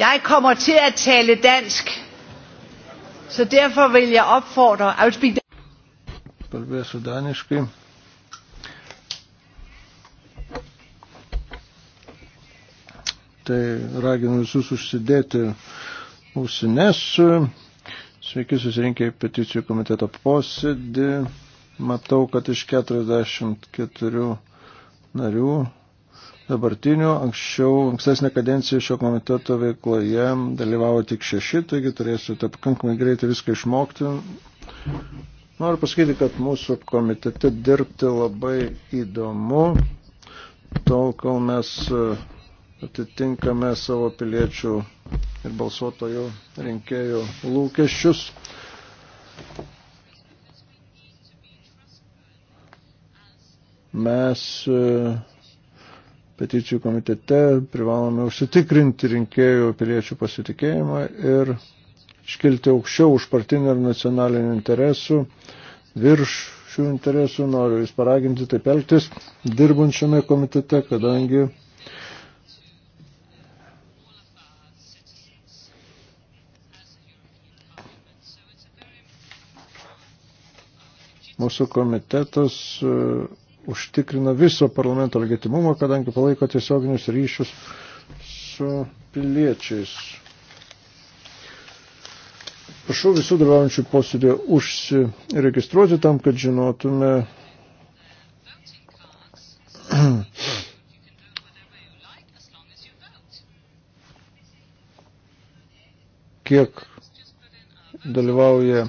Jeg kommer til at tale dansk, så derfor vil jeg opfordre... I will speak Kalbėsiu daniškai. Tai raginu visus užsidėti ausines. Sveiki susirinkę į peticijų komiteto posėdį. Matau, kad iš 44 narių dabartinių. Anksčiau, ankstesnė kadencija šio komiteto veikloje dalyvavo tik šeši, taigi turėsite pakankamai greitai viską išmokti. Noriu pasakyti, kad mūsų komitete dirbti labai įdomu, tol kol mes e, atitinkame savo piliečių ir balsuotojų rinkėjų lūkesčius. Mes e, peticijų komitete privalome užsitikrinti rinkėjų piliečių pasitikėjimą ir iškilti aukščiau už partinį ir nacionalinių interesų, virš šių interesų noriu jūs paraginti taip elgtis dirbančiame komitete, kadangi mūsų komitetas užtikrina viso parlamento legitimumą, kadangi palaiko tiesioginius ryšius su piliečiais. Prašau visų dalyvaujančių posėdėje užsiregistruoti tam, kad žinotume, kiek dalyvauja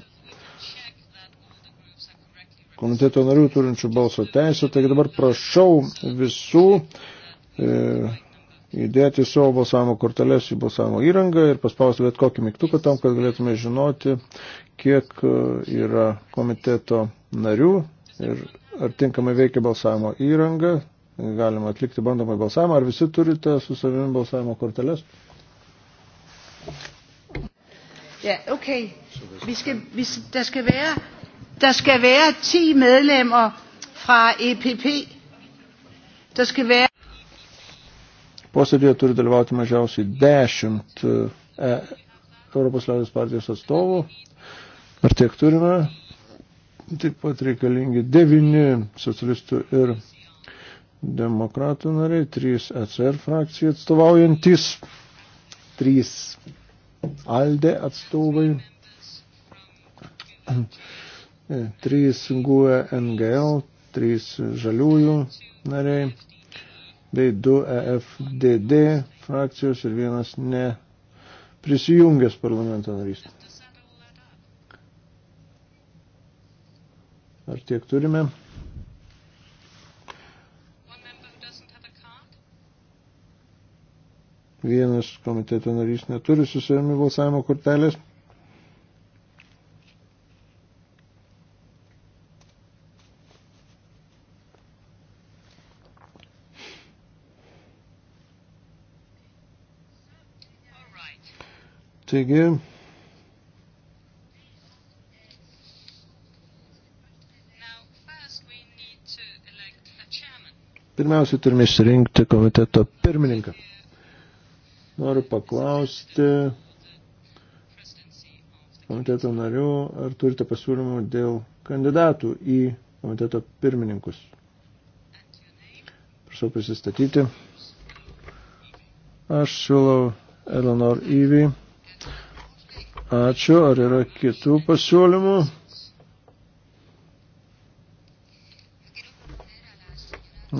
komiteto narių turinčių balso teisę. Taigi dabar prašau visų e, įdėti savo balsavimo korteles į balsavimo įrangą ir paspausti bet kokį mygtuką tam, kad galėtume žinoti, kiek e, yra komiteto narių ir ar tinkamai veikia balsavimo įranga. Galima atlikti bandomą balsavimą. Ar visi turite su savimi balsavimo korteles? Ja, okay. Vi skal, vi, der skal være Der skal være 10 medlemmer fra EPP. Der skal være... Posėdėje turi dalyvauti mažiausiai 10 e, Europos Liaudės partijos atstovų. Ar tiek turime? Taip pat reikalingi 9 socialistų ir demokratų nariai, 3 ECR frakcijai atstovaujantis, 3 ALDE atstovai trys GUE NGL, trys žaliųjų nariai, bei du EFDD frakcijos ir vienas ne prisijungęs parlamento narys. Ar tiek turime? Vienas komiteto narys neturi su savimi balsavimo kortelės. Taigi, pirmiausia, turime išsirinkti komiteto pirmininką. Noriu paklausti komiteto narių, ar turite pasiūlymų dėl kandidatų į komiteto pirmininkus. Prašau prisistatyti. Aš siūlau Eleanor Ivy. Ačiū. Ar yra kitų pasiūlymų?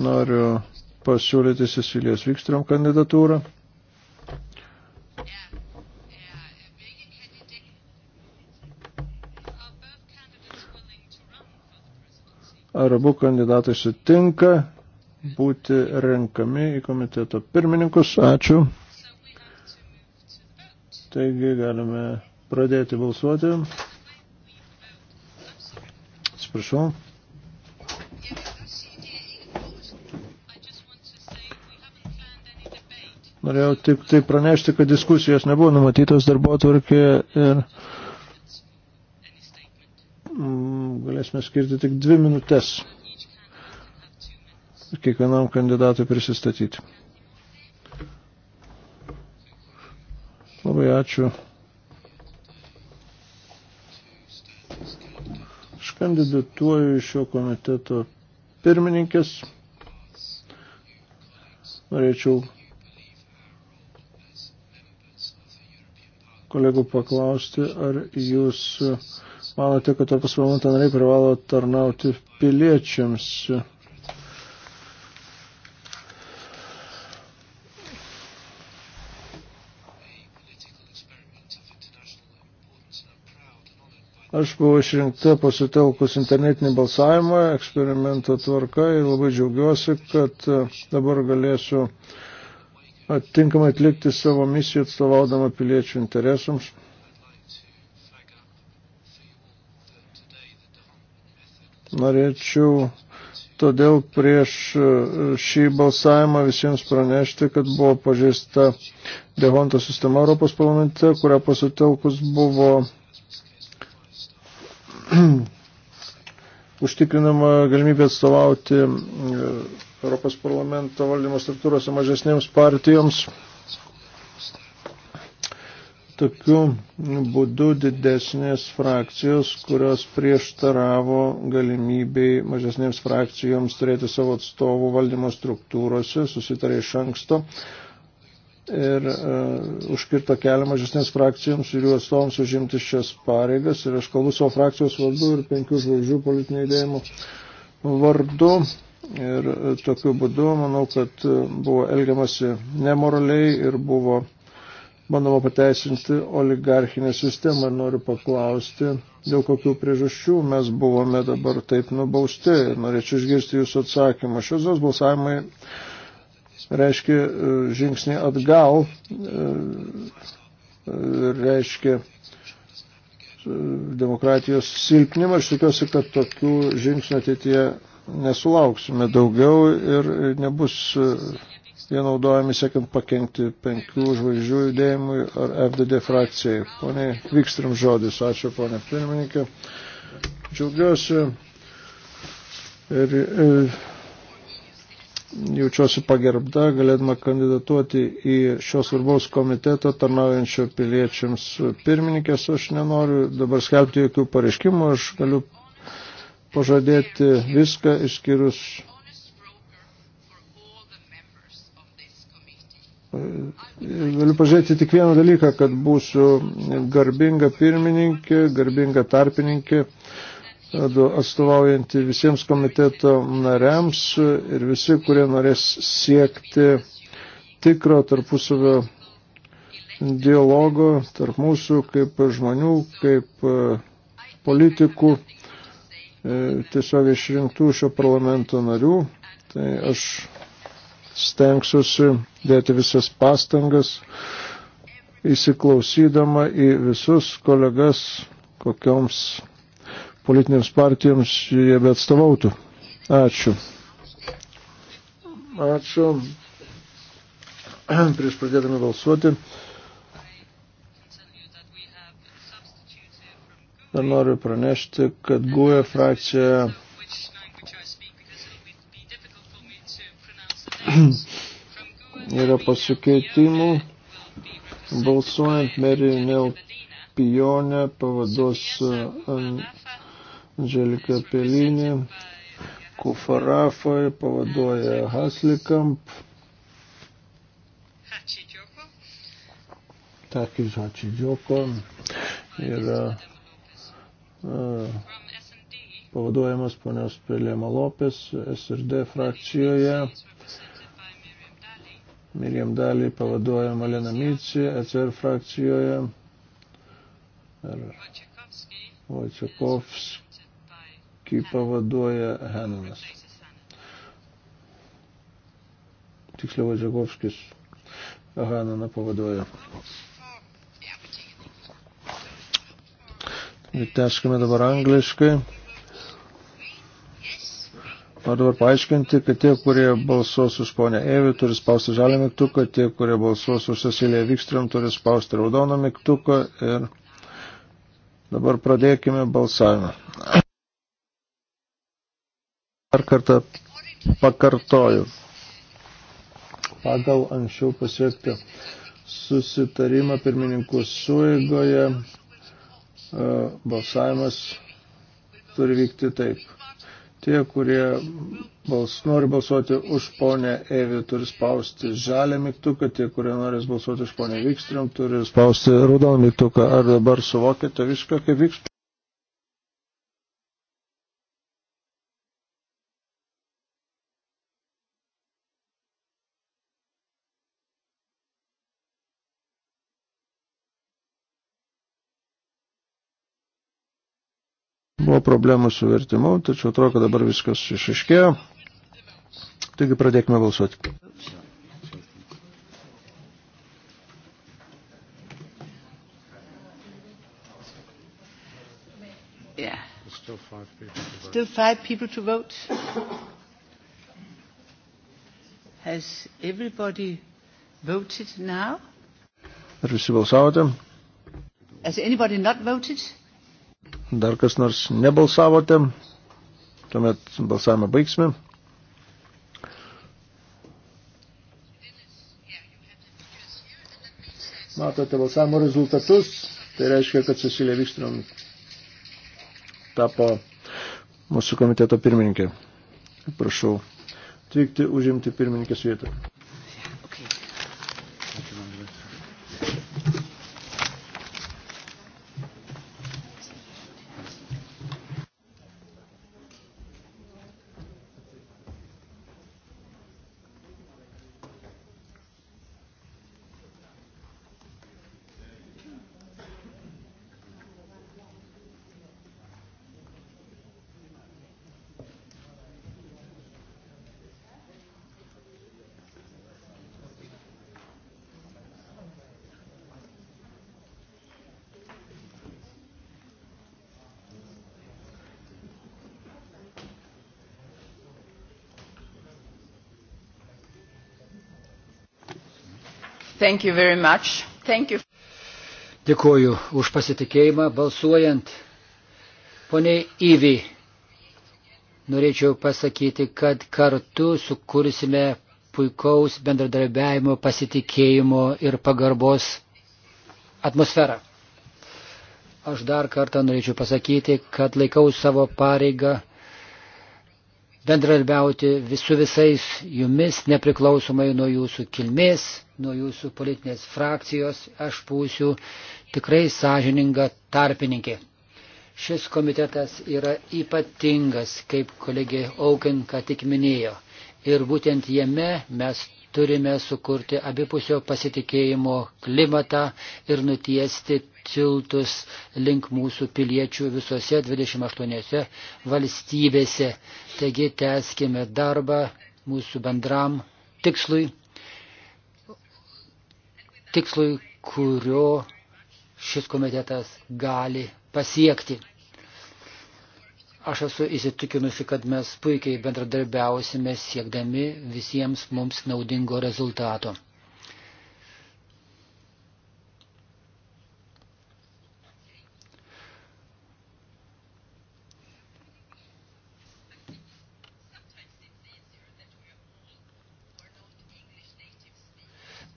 Noriu pasiūlyti Cecilijos Vikstrom kandidatūrą. Ar abu kandidatai sutinka būti renkami į komiteto pirmininkus? Ačiū. Taigi galime pradėti balsuoti. Atsiprašau. Norėjau tik tai pranešti, kad diskusijos nebuvo numatytos darbo tvarkėje ir mm, galėsime skirti tik dvi minutės kiekvienam kandidatui prisistatyti. Labai ačiū. kandidatuoju šio komiteto pirmininkės. Norėčiau kolegų paklausti, ar jūs manote, kad Europos parlamento nariai privalo tarnauti piliečiams. Aš buvau išrinkta pasitelkus internetinį balsavimą, eksperimento tvarka ir labai džiaugiuosi, kad e, dabar galėsiu atitinkamai atlikti savo misiją atstovaudama piliečių interesams. Norėčiau todėl prieš e, šį balsavimą visiems pranešti, kad buvo pažįsta Dehonto sistema Europos parlamente, kurią pasitelkus buvo užtikrinama galimybė atstovauti Europos parlamento valdymo struktūrose mažesnėms partijoms. Tokiu būdu didesnės frakcijos, kurios prieštaravo galimybei mažesnėms frakcijoms turėti savo atstovų valdymo struktūrose, susitarė iš anksto, ir uh, užkirto kelią mažesnėms frakcijoms ir jų atstovams užimti šias pareigas. Ir aš kalbu savo frakcijos vardu ir penkių žvaigždžių politinio judėjimo vardu. Ir e, tokiu būdu manau, kad e, buvo elgiamasi nemoraliai ir buvo bandoma pateisinti oligarchinę sistemą. Ir noriu paklausti, dėl kokių priežasčių mes buvome dabar taip nubausti. Ir norėčiau išgirsti jūsų atsakymą. Šios balsavimai reiškia e, žingsnį atgal, e, e, reiškia demokratijos silpnimą. Aš tikiuosi, kad tokių žingsnių ateityje nesulauksime daugiau ir nebus jie naudojami siekiant pakengti penkių žvaigždžių judėjimui ar FDD frakcijai. Pone Vikstrim žodis, ačiū ponė pirmininkė. Džiaugiuosi ir, ir jaučiuosi pagerbta, galėdama kandidatuoti į šios svarbaus komiteto tarnaujančio piliečiams pirmininkės. Aš nenoriu dabar skelbti jokių pareiškimų, aš galiu pažadėti viską išskyrus Galiu pažiūrėti tik vieną dalyką, kad būsiu garbinga pirmininkė, garbinga tarpininkė atstovaujanti visiems komiteto nariams ir visi, kurie norės siekti tikro tarpusavio dialogo tarp mūsų kaip žmonių, kaip e, politikų, e, tiesiog išrinktų šio parlamento narių. Tai aš stengsiuosi dėti visas pastangas, įsiklausydama į visus kolegas, kokioms politinėms partijoms jie bet atstovautų. Ačiū. Ačiū. Prieš pradėdami balsuoti. Dar noriu pranešti, kad GUE frakcija yra pasikeitimų. Balsuojant Mary Neil Pionę pavados an uh, Dželika Pelinė, Kufarafai, pavaduoja Haslikamp. Takis Hačidžioko yra uh, pavaduojamas ponios Pelėma Lopės SRD frakcijoje. Miriam Dalį pavaduojama Lena Mici ECR frakcijoje. Ar Vojcekovs Jį pavaduoja Heninas. Tiksliau Vadžiagovskis Heniną pavaduoja. Ir teskime dabar angliškai. Noriu dabar paaiškinti, kad tie, kurie balsuos už ponę Evi, turi spausti žalią mygtuką, tie, kurie balsuos už Ceciliją Vikstrom, turi spausti raudoną mygtuką ir dabar pradėkime balsavimą. Dar kartą pakartoju. Pagal anksčiau pasiektą susitarimą pirmininkų suėgoje e, balsavimas turi vykti taip. Tie, kurie bals, nori balsuoti už ponę Evi, turi spausti žalę mygtuką, tie, kurie nori balsuoti už ponę Vikstrim, turi spausti raudoną mygtuką. Ar dabar suvokite viską, kaip vyksta? Buvo problemų su vertimu, tačiau atrodo, kad dabar viskas išaiškėjo. Taigi pradėkime balsuoti. Yeah. Still five people to vote. Still five people to vote. Has everybody voted now? Ar visi balsavote? Has anybody not voted? Dar kas nors nebalsavote, tuomet balsavimą baigsime. Matote balsavimo rezultatus, tai reiškia, kad Cecilija Vikstrom tapo mūsų komiteto pirmininkė. Prašau atvykti užimti pirmininkės vietą. Thank you very much. Thank you. Dėkuoju už pasitikėjimą balsuojant. Pone Įvy, norėčiau pasakyti, kad kartu sukursime puikaus bendradarbiavimo, pasitikėjimo ir pagarbos atmosferą. Aš dar kartą norėčiau pasakyti, kad laikau savo pareigą bendradarbiauti vis, su visais jumis, nepriklausomai nuo jūsų kilmės, nuo jūsų politinės frakcijos. Aš būsiu tikrai sąžininga tarpininkė. Šis komitetas yra ypatingas, kaip kolegė Aukin ką tik minėjo. Ir būtent jame mes turime sukurti abipusio pasitikėjimo klimatą ir nutiesti tiltus link mūsų piliečių visose 28 valstybėse. Taigi tęskime darbą mūsų bendram tikslui, tikslui, kurio šis komitetas gali pasiekti. Aš esu įsitikinusi, kad mes puikiai bendradarbiausime siekdami visiems mums naudingo rezultato.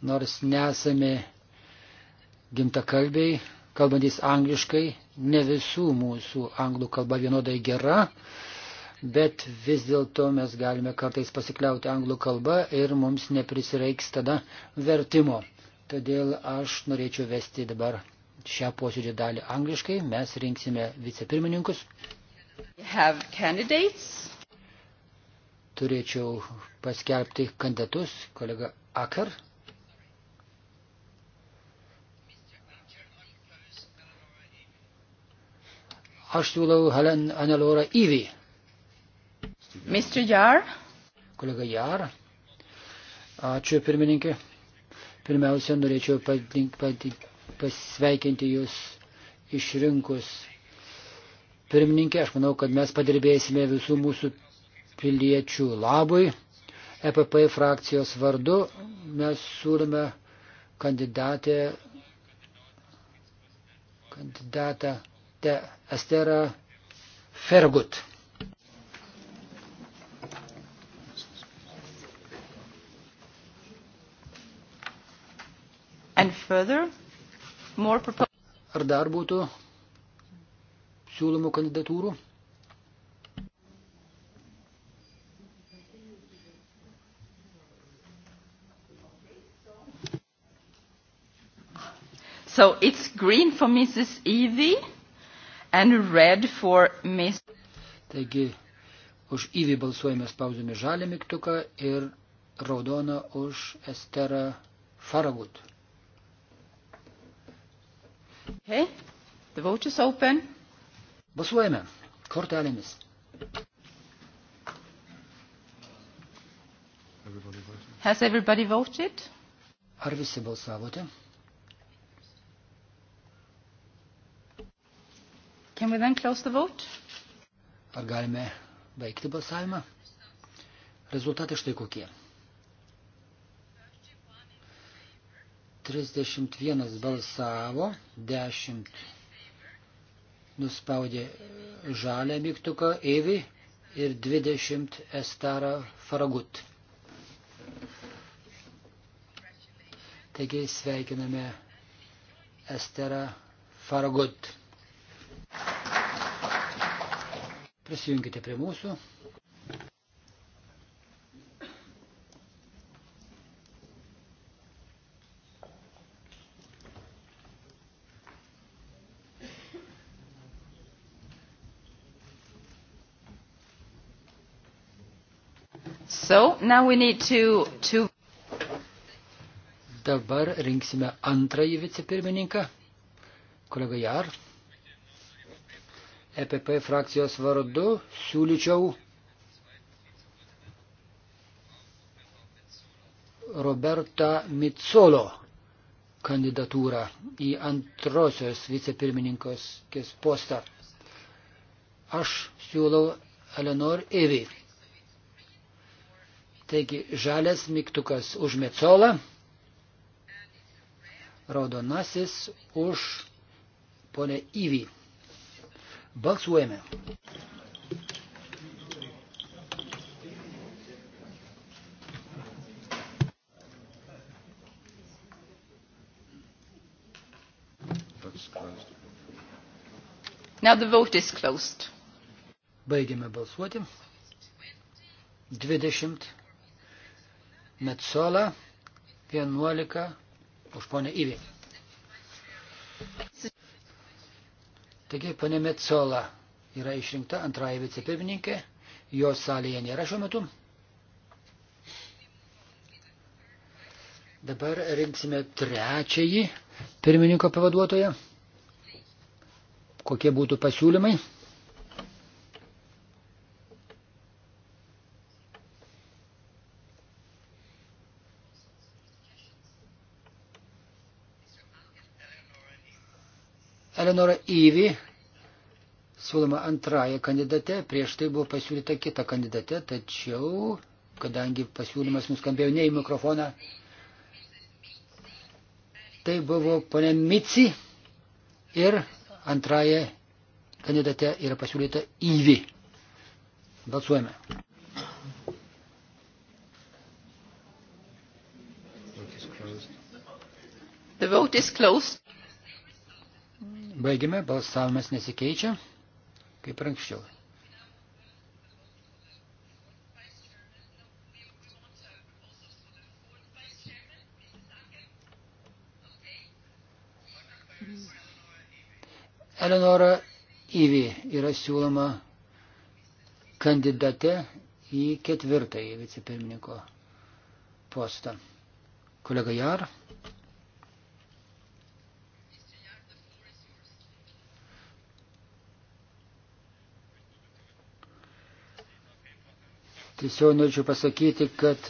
nors nesame gimtakalbiai, kalbantis angliškai, ne visų mūsų anglų kalba vienodai gera, bet vis dėlto mes galime kartais pasikliauti anglų kalba ir mums neprisireiks tada vertimo. Todėl aš norėčiau vesti dabar šią posėdžio dalį angliškai. Mes rinksime vicepirmininkus. Turėčiau paskelbti kandidatus, kolega Akar. Aš siūlau Helen Anelora Ivy. Mr. Jar. Kolega Jar. Ačiū pirmininkė. Pirmiausia, norėčiau padink, padink, pasveikinti Jūs išrinkus. Pirmininkė, aš manau, kad mes padirbėsime visų mūsų piliečių labui. EPP frakcijos vardu mes siūlome kandidatę, kandidatą te Estera Fergut. And further, more Ar dar būtų siūlomų kandidatūrų? So it's green for Mrs. Evie and red for miss. Taigi, už įvį balsuojame spausdami žalią mygtuką ir raudoną už Esterą Faragut. Okay, the vote is open. Balsuojame kortelėmis. Has everybody voted? Ar visi balsavote? Can we then close the vote? Ar galime baigti balsavimą? Rezultatai štai kokie. 31 balsavo, 10 nuspaudė žalę mygtuką Eivi ir 20 Estarą Faragut. Taigi sveikiname Esterą Faragut. Prisijunkite prie mūsų. So, now we need to, to... Dabar rinksime antrąjį vicepirmininką, kolega Jar. EPP frakcijos vardu siūlyčiau Roberta Mitsolo kandidatūrą į antrosios vicepirmininkos postą. Aš siūlau Eleonor Evi. Taigi žalias mygtukas už Metsolą, raudonasis už ponę Įvį. Balsuojame. Now the vote is closed. Baigiame balsuoti. 20 Metsola, 11 už ponę įvykį. Taigi, ponė Metzola yra išrinkta antraja vicepirmininkė, jos salėje nėra šiuo metu. Dabar rinksime trečiąjį pirmininko pavaduotoją. Kokie būtų pasiūlymai? Eleonora Įvi siūloma antrąją kandidatę, prieš tai buvo pasiūlyta kita kandidatė, tačiau, kadangi pasiūlymas nuskambėjo ne į mikrofoną, tai buvo ponė Mici ir antrąją kandidatę yra pasiūlyta Įvi. Balsuojame. The vote is closed. Baigime, balsavimas nesikeičia, kaip ir anksčiau. Eleonora Įvy yra siūloma kandidate į ketvirtąjį vicepirmininko postą. Kolega Jar. Tiesiog norėčiau pasakyti, kad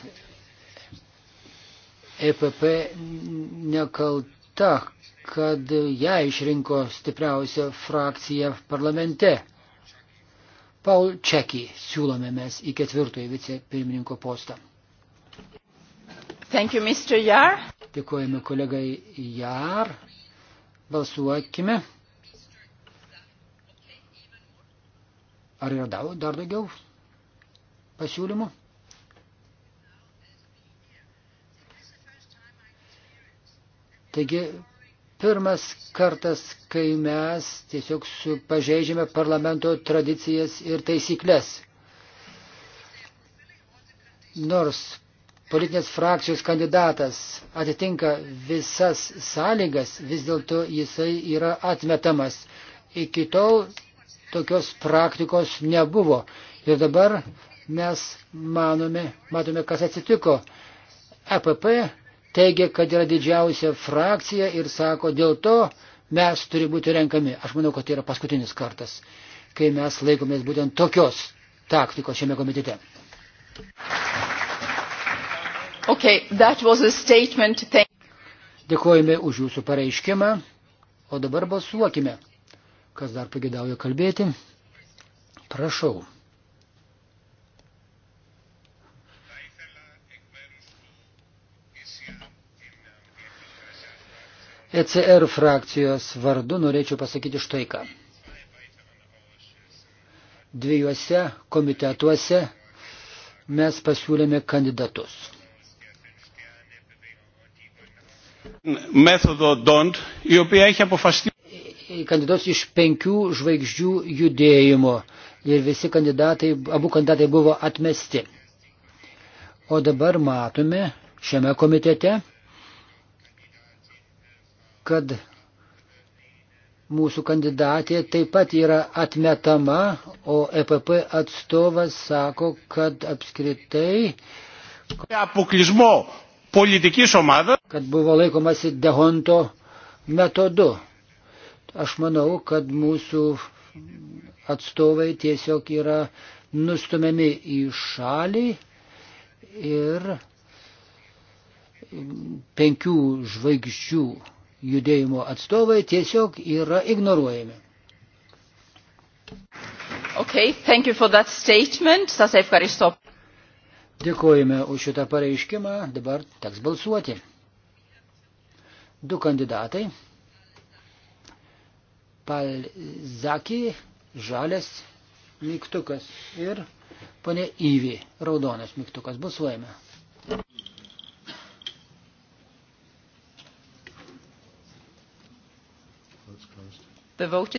EPP nekalta, kad ją išrinko stipriausią frakciją parlamente. Paul Čekį siūlome mes į ketvirtąjį vicepirmininko postą. Thank you, Mr. Jar. Dėkojame kolegai Jar. Balsuokime. Ar yra dar daugiau pasiūlymų. Taigi, pirmas kartas, kai mes tiesiog pažeidžiame parlamento tradicijas ir taisyklės. Nors politinės frakcijos kandidatas atitinka visas sąlygas, vis dėlto jisai yra atmetamas. Iki tol tokios praktikos nebuvo. Ir dabar mes manome, matome, kas atsitiko. EPP teigia, kad yra didžiausia frakcija ir sako, dėl to mes turi būti renkami. Aš manau, kad tai yra paskutinis kartas, kai mes laikomės būtent tokios taktikos šiame komitete. Okay, that was a statement. Thank Dėkojame už jūsų pareiškimą, o dabar balsuokime. Kas dar pagėdauja kalbėti? Prašau. ECR frakcijos vardu norėčiau pasakyti štai ką. Dviejuose komitetuose mes pasiūlėme kandidatus. Metodo DONT, į kurią έχει αποφασιστεί. Kandidatus iš penkių žvaigždžių judėjimo ir visi kandidatai, abu kandidatai buvo atmesti. O dabar matome šiame komitete, kad mūsų kandidatė taip pat yra atmetama, o EPP atstovas sako, kad apskritai kad buvo laikomasi Dehonto metodu. Aš manau, kad mūsų atstovai tiesiog yra nustumiami į šalį ir penkių žvaigždžių judėjimo atstovai tiesiog yra ignoruojami. Okay, thank you for that statement. Σας ευχαριστώ. Dėkojame už šitą pareiškimą. Dabar teks balsuoti. Du kandidatai. Palzaki, žalias mygtukas ir ponė Įvi, raudonas mygtukas. Balsuojame. The vote